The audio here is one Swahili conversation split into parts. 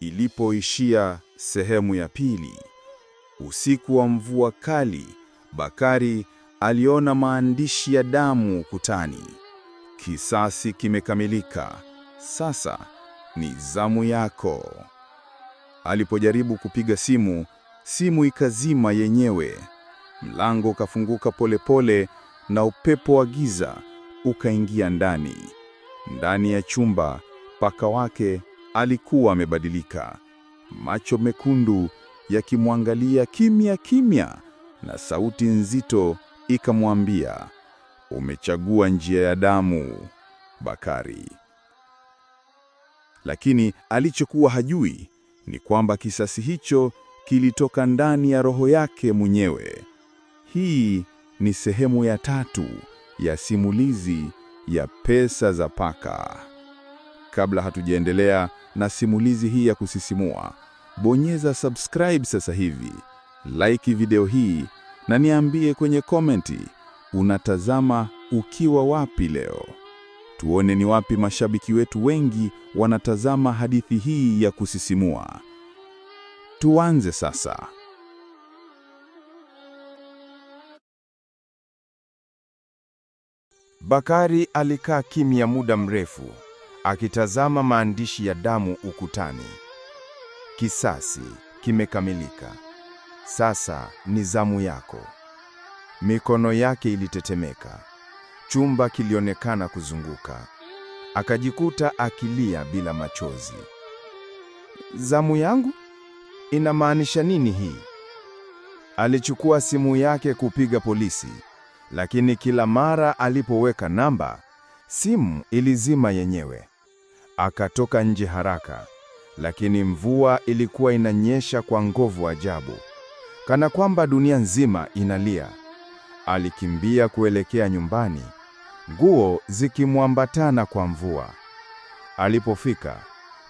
Ilipoishia sehemu ya pili. Usiku wa mvua kali, Bakari aliona maandishi ya damu ukutani. Kisasi kimekamilika. Sasa ni zamu yako. Alipojaribu kupiga simu, simu ikazima yenyewe. Mlango ukafunguka polepole na upepo wa giza ukaingia ndani. Ndani ya chumba paka wake alikuwa amebadilika, macho mekundu yakimwangalia kimya kimya, na sauti nzito ikamwambia, umechagua njia ya damu, Bakari. Lakini alichokuwa hajui ni kwamba kisasi hicho kilitoka ndani ya roho yake mwenyewe. Hii ni sehemu ya tatu ya simulizi ya Pesa za Paka kabla hatujaendelea na simulizi hii ya kusisimua, bonyeza subscribe sasa hivi, like video hii na niambie kwenye komenti unatazama ukiwa wapi leo. Tuone ni wapi mashabiki wetu wengi wanatazama hadithi hii ya kusisimua. Tuanze sasa. Bakari alikaa kimya muda mrefu akitazama maandishi ya damu ukutani. Kisasi kimekamilika, sasa ni zamu yako. Mikono yake ilitetemeka, chumba kilionekana kuzunguka, akajikuta akilia bila machozi. Zamu yangu inamaanisha nini hii? Alichukua simu yake kupiga polisi, lakini kila mara alipoweka namba Simu ilizima yenyewe. Akatoka nje haraka, lakini mvua ilikuwa inanyesha kwa nguvu ajabu, kana kwamba dunia nzima inalia. Alikimbia kuelekea nyumbani, nguo zikimwambatana kwa mvua. Alipofika,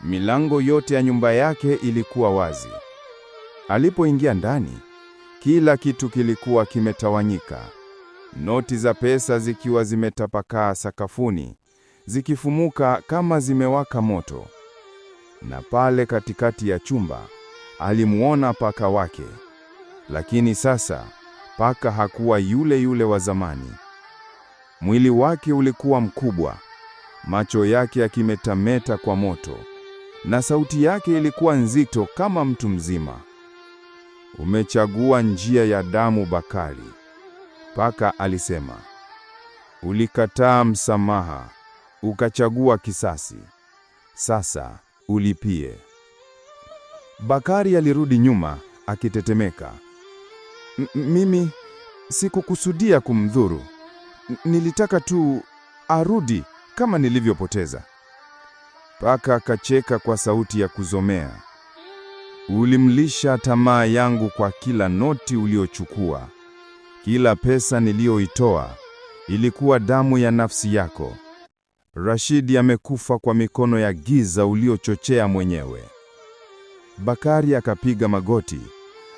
milango yote ya nyumba yake ilikuwa wazi. Alipoingia ndani, kila kitu kilikuwa kimetawanyika noti za pesa zikiwa zimetapakaa sakafuni, zikifumuka kama zimewaka moto. Na pale katikati ya chumba alimuona paka wake, lakini sasa paka hakuwa yule yule wa zamani. Mwili wake ulikuwa mkubwa, macho yake yakimetameta kwa moto, na sauti yake ilikuwa nzito kama mtu mzima. Umechagua njia ya damu, Bakari, Paka alisema, ulikataa msamaha, ukachagua kisasi. Sasa ulipie. Bakari alirudi nyuma akitetemeka. mimi sikukusudia kumdhuru. nilitaka tu arudi kama nilivyopoteza. Paka akacheka kwa sauti ya kuzomea. Ulimlisha tamaa yangu kwa kila noti uliochukua. Kila pesa niliyoitoa ilikuwa damu ya nafsi yako. Rashidi amekufa kwa mikono ya giza uliochochea mwenyewe. Bakari akapiga magoti,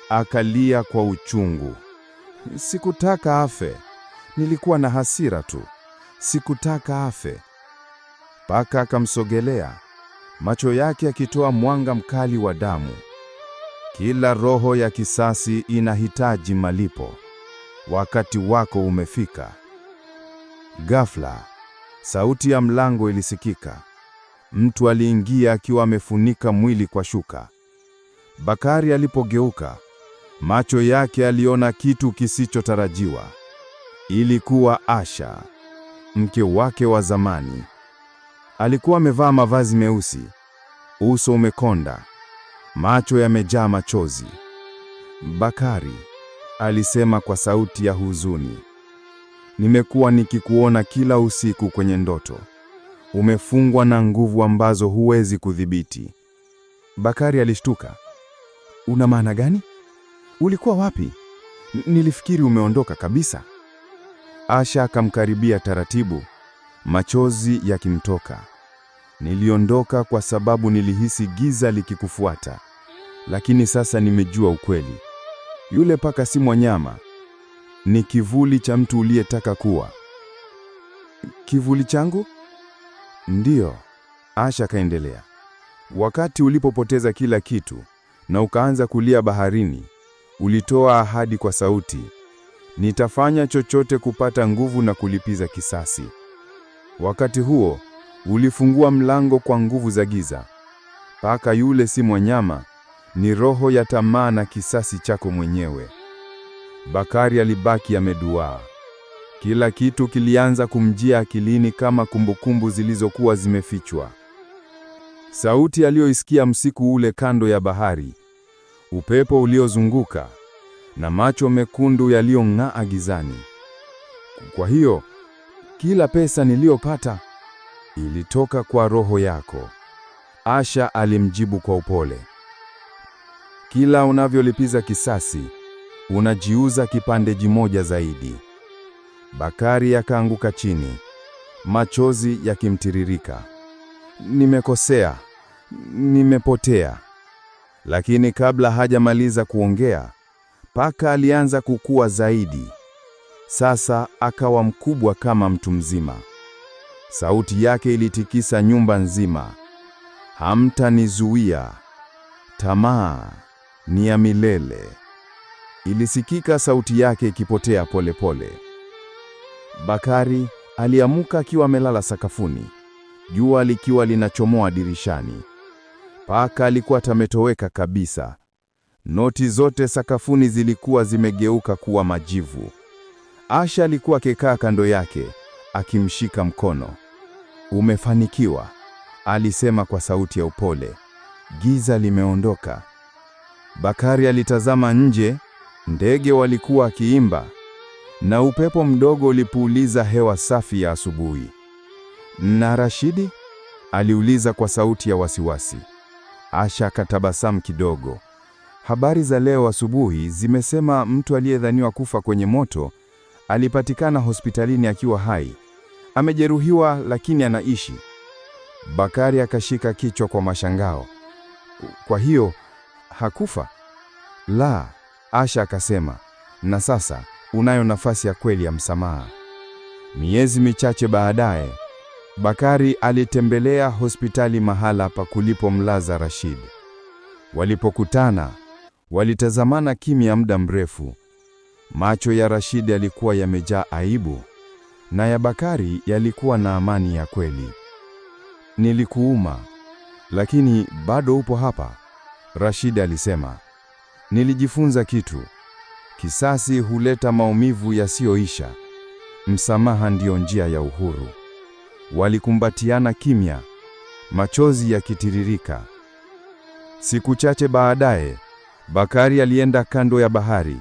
akalia kwa uchungu. Sikutaka afe. Nilikuwa na hasira tu. Sikutaka afe. Paka akamsogelea, macho yake akitoa mwanga mkali wa damu. Kila roho ya kisasi inahitaji malipo wakati wako umefika. Ghafla sauti ya mlango ilisikika. Mtu aliingia akiwa amefunika mwili kwa shuka. Bakari alipogeuka, macho yake aliona kitu kisichotarajiwa. Ilikuwa Asha, mke wake wa zamani. Alikuwa amevaa mavazi meusi, uso umekonda, macho yamejaa machozi. Bakari alisema kwa sauti ya huzuni. Nimekuwa nikikuona kila usiku kwenye ndoto. Umefungwa na nguvu ambazo huwezi kudhibiti. Bakari alishtuka. Una maana gani? Ulikuwa wapi? N nilifikiri umeondoka kabisa. Asha akamkaribia taratibu, machozi yakimtoka. Niliondoka kwa sababu nilihisi giza likikufuata. Lakini sasa nimejua ukweli. Yule paka si mwanyama ni kivuli cha mtu uliyetaka kuwa. Kivuli changu? Ndiyo, Asha kaendelea. Wakati ulipopoteza kila kitu na ukaanza kulia baharini, ulitoa ahadi kwa sauti, nitafanya chochote kupata nguvu na kulipiza kisasi. Wakati huo ulifungua mlango kwa nguvu za giza. Paka yule si mwanyama ni roho ya tamaa na kisasi chako mwenyewe. Bakari alibaki ameduaa. Kila kitu kilianza kumjia akilini kama kumbukumbu zilizokuwa zimefichwa. Sauti aliyoisikia msiku ule kando ya bahari, upepo uliozunguka na macho mekundu yaliyong'aa gizani. Kwa hiyo kila pesa niliyopata ilitoka kwa roho yako, Asha alimjibu kwa upole. Kila unavyolipiza kisasi, unajiuza kipande kimoja zaidi. Bakari akaanguka chini, machozi yakimtiririka. Nimekosea, nimepotea. Lakini kabla hajamaliza kuongea, paka alianza kukua zaidi. Sasa akawa mkubwa kama mtu mzima. Sauti yake ilitikisa nyumba nzima. Hamtanizuia. Tamaa ni ya milele. Ilisikika sauti yake ikipotea polepole pole. Bakari aliamuka akiwa amelala sakafuni, jua likiwa linachomoa dirishani. Paka alikuwa tametoweka kabisa. Noti zote sakafuni zilikuwa zimegeuka kuwa majivu. Asha alikuwa akikaa kando yake akimshika mkono. Umefanikiwa, alisema kwa sauti ya upole. Giza limeondoka. Bakari alitazama nje, ndege walikuwa akiimba na upepo mdogo ulipuuliza hewa safi ya asubuhi. Na Rashidi? aliuliza kwa sauti ya wasiwasi. Asha akatabasamu kidogo. Habari za leo asubuhi zimesema mtu aliyedhaniwa kufa kwenye moto alipatikana hospitalini akiwa hai. Amejeruhiwa lakini anaishi. Bakari akashika kichwa kwa mashangao. Kwa hiyo hakufa? La. Asha akasema, na sasa unayo nafasi ya kweli ya msamaha. Miezi michache baadaye, Bakari alitembelea hospitali mahala pa kulipomlaza Rashid. Walipokutana, walitazamana kimya muda mrefu. Macho ya Rashid yalikuwa yamejaa aibu na ya Bakari yalikuwa na amani ya kweli. Nilikuuma, lakini bado upo hapa. Rashid alisema, nilijifunza kitu. Kisasi huleta maumivu yasiyoisha. Msamaha ndiyo njia ya uhuru. Walikumbatiana kimya, machozi yakitiririka. Siku chache baadaye, Bakari alienda kando ya bahari,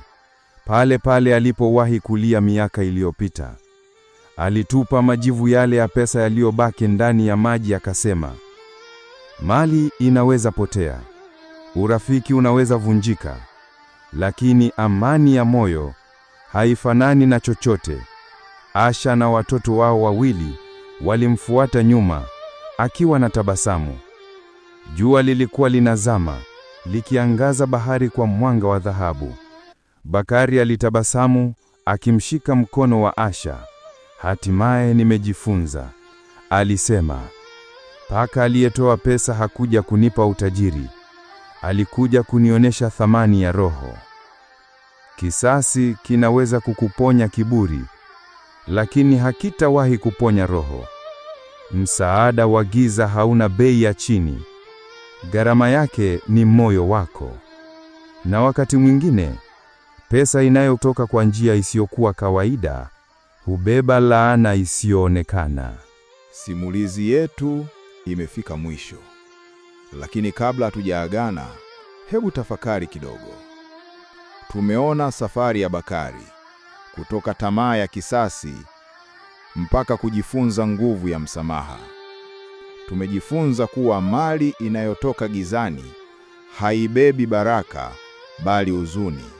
pale pale alipowahi kulia miaka iliyopita. Alitupa majivu yale ya pesa yaliyobaki ndani ya maji, akasema, mali inaweza potea Urafiki unaweza vunjika, lakini amani ya moyo haifanani na chochote. Asha na watoto wao wawili walimfuata nyuma akiwa na tabasamu. Jua lilikuwa linazama likiangaza bahari kwa mwanga wa dhahabu. Bakari alitabasamu akimshika mkono wa Asha. Hatimaye nimejifunza, alisema. Paka aliyetoa pesa hakuja kunipa utajiri alikuja kunionyesha thamani ya roho. Kisasi kinaweza kukuponya kiburi, lakini hakitawahi kuponya roho. Msaada wa giza hauna bei ya chini. Gharama yake ni moyo wako. Na wakati mwingine, pesa inayotoka kwa njia isiyokuwa kawaida hubeba laana isiyoonekana. Simulizi yetu imefika mwisho. Lakini kabla hatujaagana, hebu tafakari kidogo. Tumeona safari ya Bakari kutoka tamaa ya kisasi mpaka kujifunza nguvu ya msamaha. Tumejifunza kuwa mali inayotoka gizani haibebi baraka bali huzuni,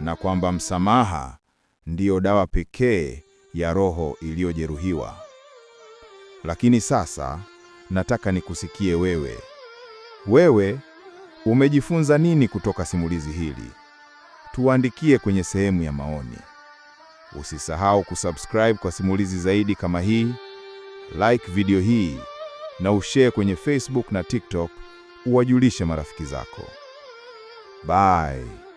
na kwamba msamaha ndiyo dawa pekee ya roho iliyojeruhiwa. Lakini sasa nataka nikusikie wewe. Wewe umejifunza nini kutoka simulizi hili? Tuandikie kwenye sehemu ya maoni. Usisahau kusubscribe kwa simulizi zaidi kama hii, like video hii na ushare kwenye Facebook na TikTok, uwajulishe marafiki zako. Bye.